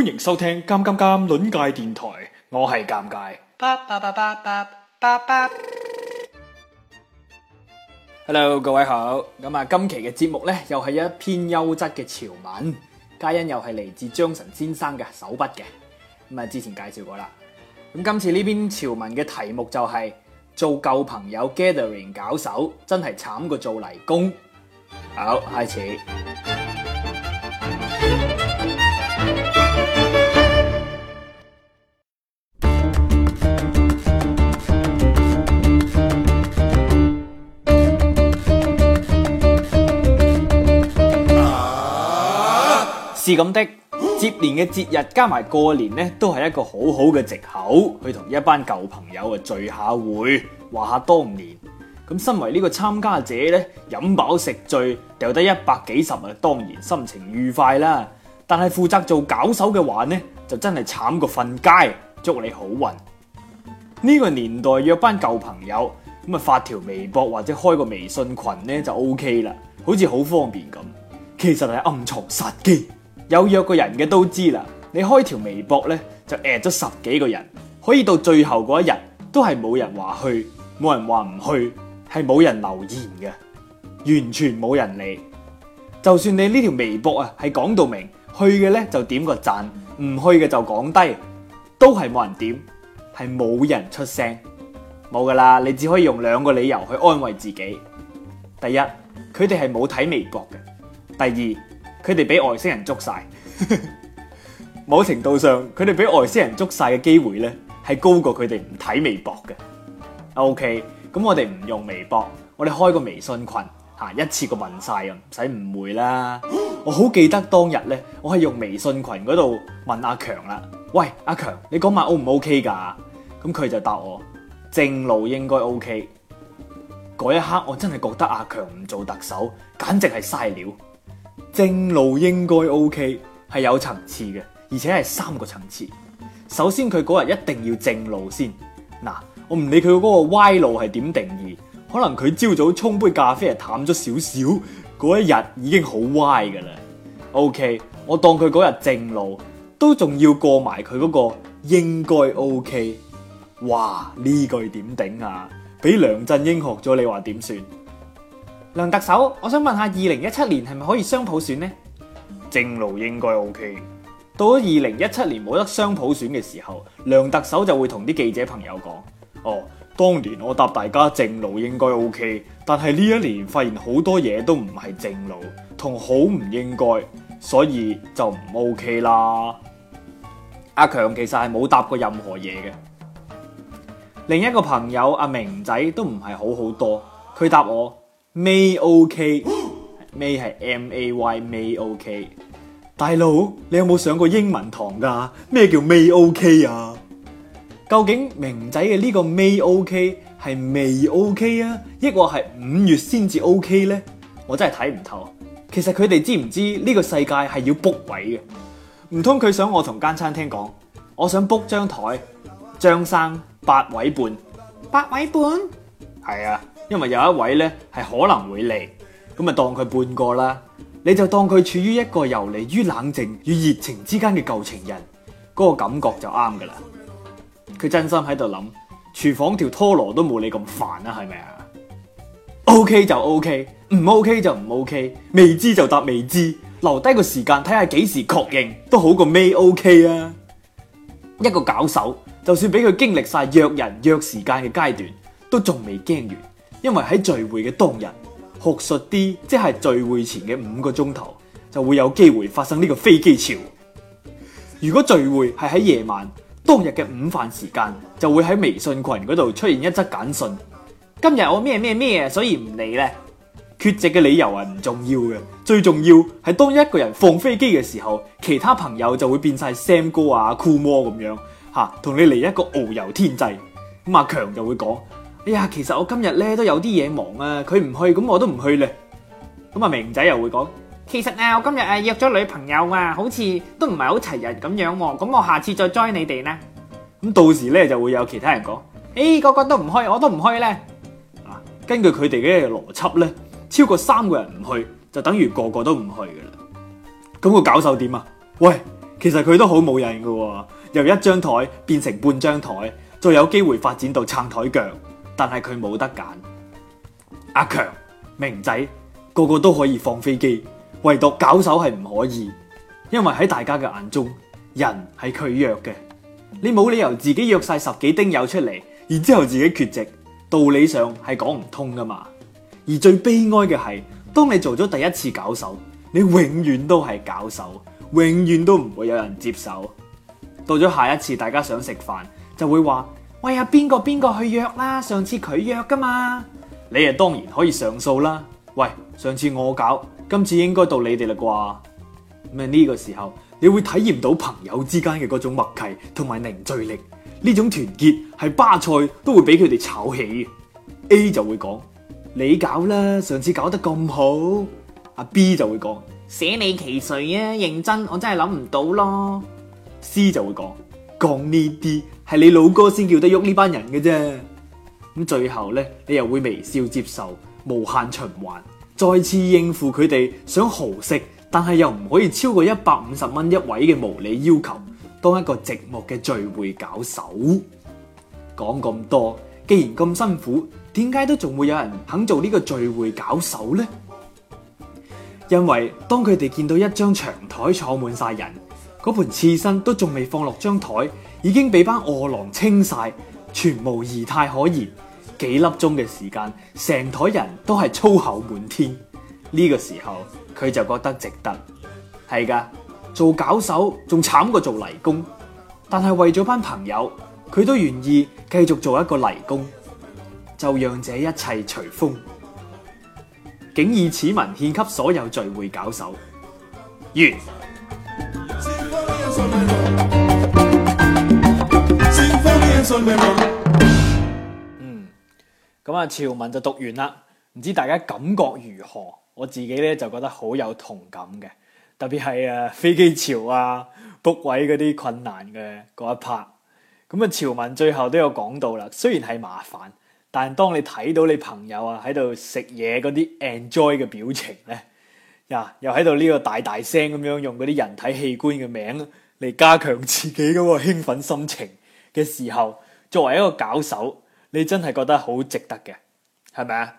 歡迎收聽《尷尷尷》論界電台，我係尷尬。Hello，各位好。咁啊，今期嘅節目咧，又係一篇優質嘅潮文，皆因又係嚟自張晨先生嘅手筆嘅。咁啊，之前介紹過啦。咁今次呢篇潮文嘅題目就係、是、做舊朋友 gathering 搞手，真係慘過做泥工。好，開始。是咁的，接連嘅節日加埋過年呢，都係一個好好嘅借口去同一班舊朋友啊聚下會，話下當年。咁身為呢個參加者呢，飲飽食醉，掉得一百幾十啊，當然心情愉快啦。但係負責做搞手嘅話呢，就真係慘過瞓街。祝你好運。呢個年代約班舊朋友咁啊，發條微博或者開個微信群呢，就 O K 啦，好似好方便咁。其實係暗藏殺機。有約過人嘅都知啦，你開條微博呢，就 at 咗十幾個人，可以到最後嗰一日都係冇人話去，冇人話唔去，係冇人留言嘅，完全冇人理。就算你呢條微博啊係講到明，去嘅呢就點個讚，唔去嘅就講低，都係冇人點，係冇人出聲，冇噶啦。你只可以用兩個理由去安慰自己：第一，佢哋係冇睇微博嘅；第二。佢哋俾外星人捉晒， 某程度上佢哋俾外星人捉晒嘅機會呢，係高過佢哋唔睇微博嘅。O K，咁我哋唔用微博，我哋開個微信群吓、啊，一次過問晒，唔使誤會啦。 我好記得當日呢，我係用微信群嗰度問阿強啦。喂，阿強，你講埋 O 唔 O K 噶？咁佢就答我正路應該 OK。嗰一刻我真係覺得阿強唔做特首簡直係嘥料。正路應該 OK，係有層次嘅，而且係三個層次。首先佢嗰日一定要正路先，嗱，我唔理佢嗰個歪路係點定義，可能佢朝早沖杯咖啡係淡咗少少，嗰一日已經好歪嘅啦。OK，我當佢嗰日正路都仲要過埋佢嗰個應該 OK，哇，呢句點頂啊！俾梁振英學咗，你話點算？梁特首，我想問下，二零一七年係咪可以雙普選呢？正路應該 OK。到咗二零一七年冇得雙普選嘅時候，梁特首就會同啲記者朋友講，哦，當年我答大家正路應該 OK，但係呢一年發現好多嘢都唔係正路，同好唔應該，所以就唔 OK 啦。阿強其實係冇答過任何嘢嘅。另一個朋友阿明仔都唔係好好多，佢答我。May OK，May、okay. 係 M A Y May OK，大佬你有冇上過英文堂噶？咩叫 May OK 啊？究竟明仔嘅呢個 May OK 係未 OK 啊？抑或係五月先至 OK 呢？我真係睇唔透。其實佢哋知唔知呢個世界係要 book 位嘅？唔通佢想我同間餐廳講，我想 book 張台，張生八位半，八位半，係啊。因為有一位咧係可能會嚟，咁咪當佢半個啦。你就當佢處於一個遊離於冷靜與熱情之間嘅舊情人，嗰、那個感覺就啱噶啦。佢真心喺度諗，廚房條拖羅都冇你咁煩啦、啊，係咪啊？O K 就 O K，唔 O K 就唔 O K，未知就答未知，留低個時間睇下幾時確認都好過未、okay、O K 啊。一個搞手，就算俾佢經歷晒約人約時間嘅階段，都仲未驚完。因為喺聚會嘅當日，學術啲即係聚會前嘅五個鐘頭就會有機會發生呢個飛機潮。如果聚會係喺夜晚，當日嘅午飯時間就會喺微信群嗰度出現一則簡訊：今日我咩咩咩，所以唔嚟咧。缺席嘅理由係唔重要嘅，最重要係當一個人放飛機嘅時候，其他朋友就會變晒 sam 哥啊 cool 魔咁樣吓，同你嚟一個遨遊天際。咁阿強就會講。哎呀，其實我今日咧都有啲嘢忙啊。佢唔去，咁我都唔去咧。咁啊，明仔又會講：「其實啊，我今日啊約咗女朋友像不是很啊，好似都唔係好齊人咁樣喎。咁我下次再 join 你哋呢。」咁到時咧就會有其他人講，誒、哎、個個都唔去，我都唔去咧。根據佢哋嘅邏輯咧，超過三個人唔去就等於個個都唔去噶啦。咁、那個搞手點啊？喂，其實佢都好冇癮噶，由一張台變成半張台，再有機會發展到撐台腳。但係佢冇得揀，阿強、明仔，個個都可以放飛機，唯獨搞手係唔可以，因為喺大家嘅眼中，人係佢約嘅，你冇理由自己約晒十幾丁友出嚟，然之後自己缺席，道理上係講唔通噶嘛。而最悲哀嘅係，當你做咗第一次搞手，你永遠都係搞手，永遠都唔會有人接手。到咗下一次，大家想食飯就會話。喂，有邊個邊個去約啦？上次佢約噶嘛？你啊當然可以上訴啦。喂，上次我搞，今次應該到你哋啦啩？咁喺呢個時候你會體驗到朋友之間嘅嗰種默契同埋凝聚力。呢種團結係巴塞都會俾佢哋炒起嘅。A 就會講，你搞啦，上次搞得咁好。阿 B 就會講，舍你其誰啊？認真，我真係諗唔到咯。C 就會講。講呢啲係你老哥先叫得喐呢班人嘅啫，咁最後呢，你又會微笑接受無限循環，再次應付佢哋想豪食，但係又唔可以超過一百五十蚊一位嘅無理要求，當一個寂寞嘅聚會搞手。講咁多，既然咁辛苦，點解都仲會有人肯做呢個聚會搞手呢？因為當佢哋見到一張長台坐滿晒人，嗰盤刺身都仲未放落張台，已經俾班餓狼清晒，全無儀態可言。幾粒鐘嘅時間，成台人都係粗口滿天。呢、這個時候，佢就覺得值得。係㗎，做搞手仲慘過做泥工，但係為咗班朋友，佢都願意繼續做一個泥工。就讓這一切隨風。謹以此文獻給所有聚會搞手。完。嗯，咁啊，潮文就讀完啦。唔知大家感覺如何？我自己咧就覺得好有同感嘅，特別係誒飛機潮啊，book 位嗰啲困難嘅嗰一 part。咁啊，潮文最後都有講到啦，雖然係麻煩，但係當你睇到你朋友啊喺度食嘢嗰啲 enjoy 嘅表情咧，呀，又喺度呢個大大聲咁樣用嗰啲人體器官嘅名。嚟加強自己嘅興奮心情嘅時候，作為一個搞手，你真係覺得好值得嘅，係咪啊？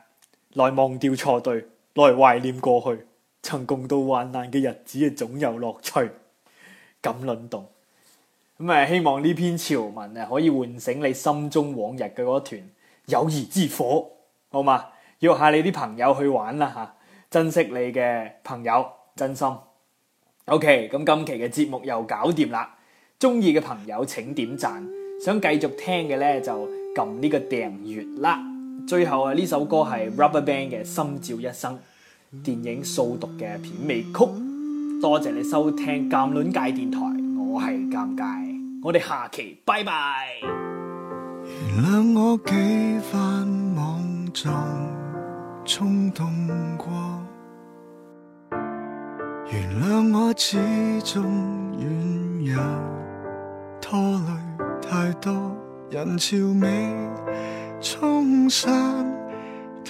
來忘掉錯對，來懷念過去曾共度患難嘅日子啊，總有樂趣。咁輪動，咁啊，希望呢篇潮文啊，可以喚醒你心中往日嘅嗰團友誼之火，好嘛？約下你啲朋友去玩啦吓，珍惜你嘅朋友，真心。O.K. 咁今期嘅節目又搞掂啦！中意嘅朋友請點讚，想繼續聽嘅咧就撳呢個訂閱啦。最後啊，呢首歌係 Rubberband 嘅《心照一生》，電影《掃毒》嘅片尾曲。多謝你收聽《監論界電台》，我係尷尬，我係尷尬，我哋下期拜拜。原諒我幾番莽撞衝動過原諒我始終軟弱，拖累太多人潮尾，沖散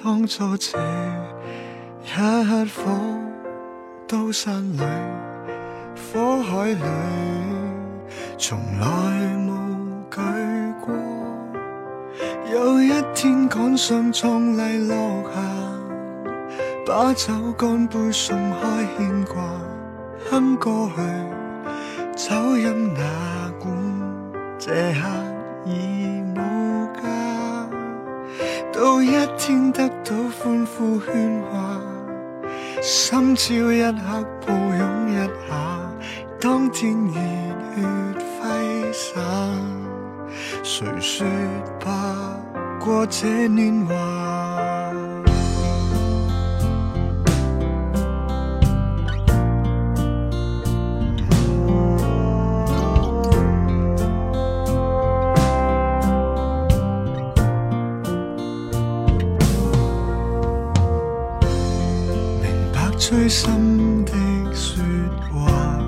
當作這一刻火刀山裏，火海裏從來無懼過。有一天趕上壯麗落霞。把酒乾杯，鬆開牽掛，哼歌去，酒飲哪管，這刻已無家，到一天得到歡呼喧嘩，心照一刻抱擁一下，當天熱血揮灑，誰說白過這年華？虛心的說話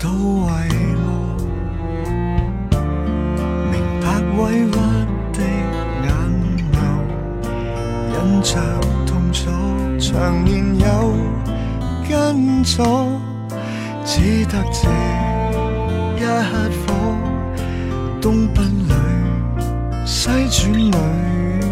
都為我明白委屈的眼眸，忍着痛楚，長年有跟咗，只得這一刻火，東奔里西轉里。